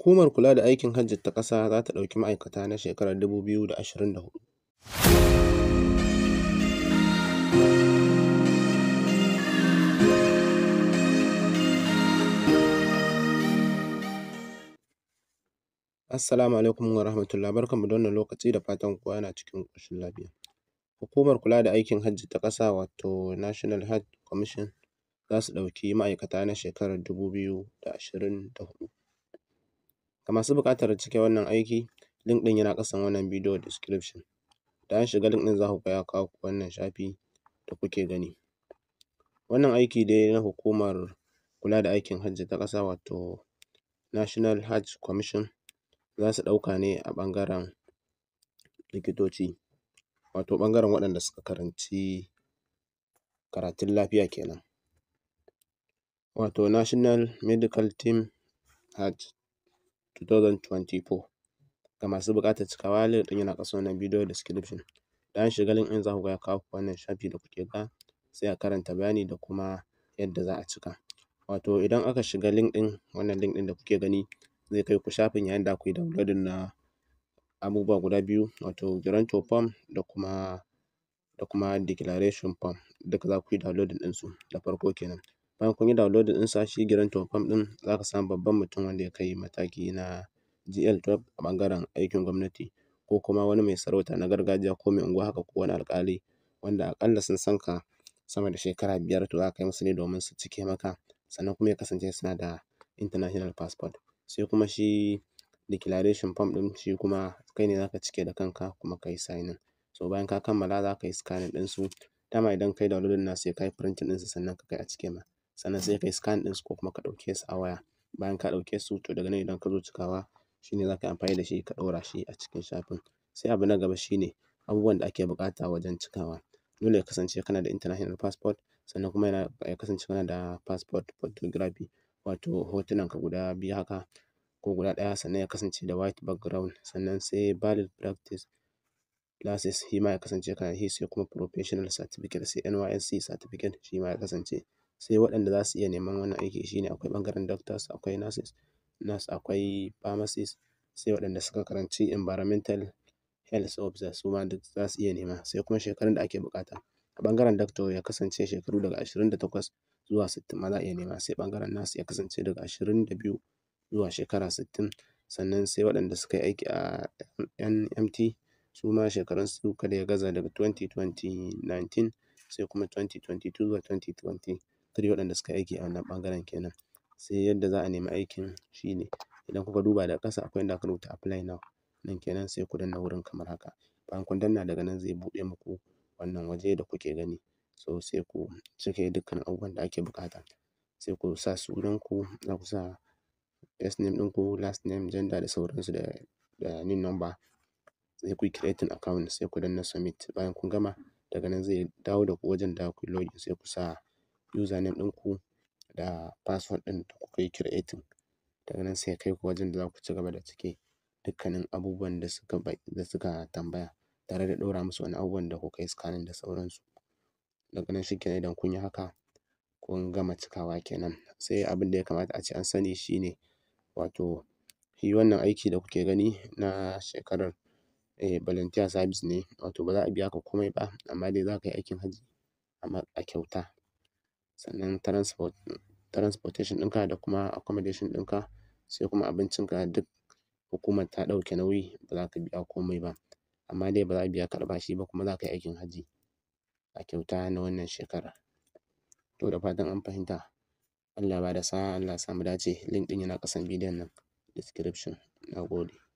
Hukumar kula da aikin Hajji ta ƙasa za ta ɗauki ma'aikata na shekarar 2024. Assalamu alaikum wa rahmatullah barkanmu da wannan lokaci da fatan kowa yana cikin ƙoshin lafiya. Hukumar kula da aikin Hajji ta ƙasa wato National Hajj Commission za su ɗauki ma'aikata na shekarar dubu biyu da da ashirin hudu. Ga masu buƙatar cike wannan aiki link ɗin yana ƙasan wannan bidiyo description. Da an shiga link ɗin za ku ga ya kawo ku wannan shafi da kuke gani. Wannan aiki dai na hukumar kula da aikin hajji ta ƙasa wato National Hajj Commission za su ɗauka ne a ɓangaren likitoci wato ɓangaren waɗanda suka karanci karatun lafiya kenan. Wato National Medical Team Hajj. 2024 ga masu buƙatar cikawa link ɗin yana ƙasa wannan bidiyo description bayan shiga link ɗin za ku ga ya kawo ku wannan shafi da kuke ga sai a karanta bayani da kuma yadda za a cika wato idan aka shiga link ɗin wannan link ɗin da kuke gani zai kai ku shafin yayin da kuyi downloading na abubuwa guda biyu wato Granto form da kuma da kuma declaration form duka za ku yi downloading ɗinsu da farko kenan. bayan kun yi downloading sa shi gidan form ɗin za ka samu babban mutum wanda ya kai mataki na GL12 a ɓangaren aikin gwamnati ko kuma wani mai sarauta na gargajiya ko mai unguwa haka ko wani alƙali wanda aƙalla sun san ka sama da shekara biyar to za ka kai musu ne domin su cike maka sannan kuma ya kasance suna da international passport sai kuma shi declaration form ɗin shi kuma kai ne za ka cike da kanka kuma ka yi signing so bayan ka kammala za ka yi scanning su dama idan ka yi downloading nasu sai ka yi printing su sannan ka kai a cike ma sannan sai kai scan ɗinsu ko kuma ka ɗauke su a waya bayan ka ɗauke su to daga nan idan ka zo cikawa shine ne za ka yi amfani da shi ka ɗora shi a cikin shafin sai abu na gaba shi ne abubuwan da ake buƙata wajen cikawa dole ya kasance kana da international passport sannan kuma ya kasance kana da passport photography wato hotunan ka guda biyu haka ko guda ɗaya sannan ya kasance da white background sannan sai valid practice classes shi ma ya kasance kana da shi sai kuma professional certificate sai NYSC certificate shi ma ya kasance sai waɗanda za su iya neman wannan aiki shine akwai ɓangaren doctors akwai nurses nurse akwai pharmacist sai waɗanda suka karanci environmental health officer su ma za su iya nema sai kuma shekarun da ake buƙata a ɓangaren doctor ya kasance shekaru daga ashirin da takwas zuwa sittin ma za a iya nema sai ɓangaren nurse ya kasance daga ashirin da biyu zuwa shekara sittin sannan sai waɗanda suka yi aiki a NMT su ma shekarun su kada ya gaza daga twenty twenty sai kuma twenty twenty two zuwa twenty three waɗanda suka yi aiki a wannan ɓangaren kenan sai yadda za a nemi aikin shi ne idan kuka duba daga ƙasa akwai inda aka rubuta apply now nan kenan sai ku danna wurin kamar haka bayan kun danna daga nan zai buɗe muku wannan waje da kuke gani so sai ku cike dukkan abubuwan da ake buƙata sai ku sa sunanku za ku sa first name ɗinku last name gender da sauransu da da nin number sai ku yi account sai ku danna submit bayan kun gama daga nan zai dawo da ku wajen da ku login sai ku sa username ɗinku da password ɗin da kuka yi creating daga nan sai ya kai ku wajen da za ku ci gaba da cike dukkanin abubuwan da suka da suka tambaya tare da ɗora musu wani abubuwan da kuka yi scanning da sauransu daga nan shikenan idan kun yi haka kun gama cikawa kenan sai abin da ya kamata a ce an sani shine wato shi wannan aiki da kuke gani na shekarar eh volunteer service ne wato ba za a biya ka komai ba amma dai za ka yi aikin hajji a kyauta sannan transport transportation ɗinka da kuma accommodation ɗinka sai kuma abincinka duk hukumar ta ɗauke nauyi ba za ka biya komai ba amma dai ba za a biya ka albashi ba kuma za ka yi aikin hajji a kyauta na wannan shekarar to da fatan an fahimta Allah ya da sa'a Allah ya sa dace link ɗin yana ƙasan bidiyon nan description na gode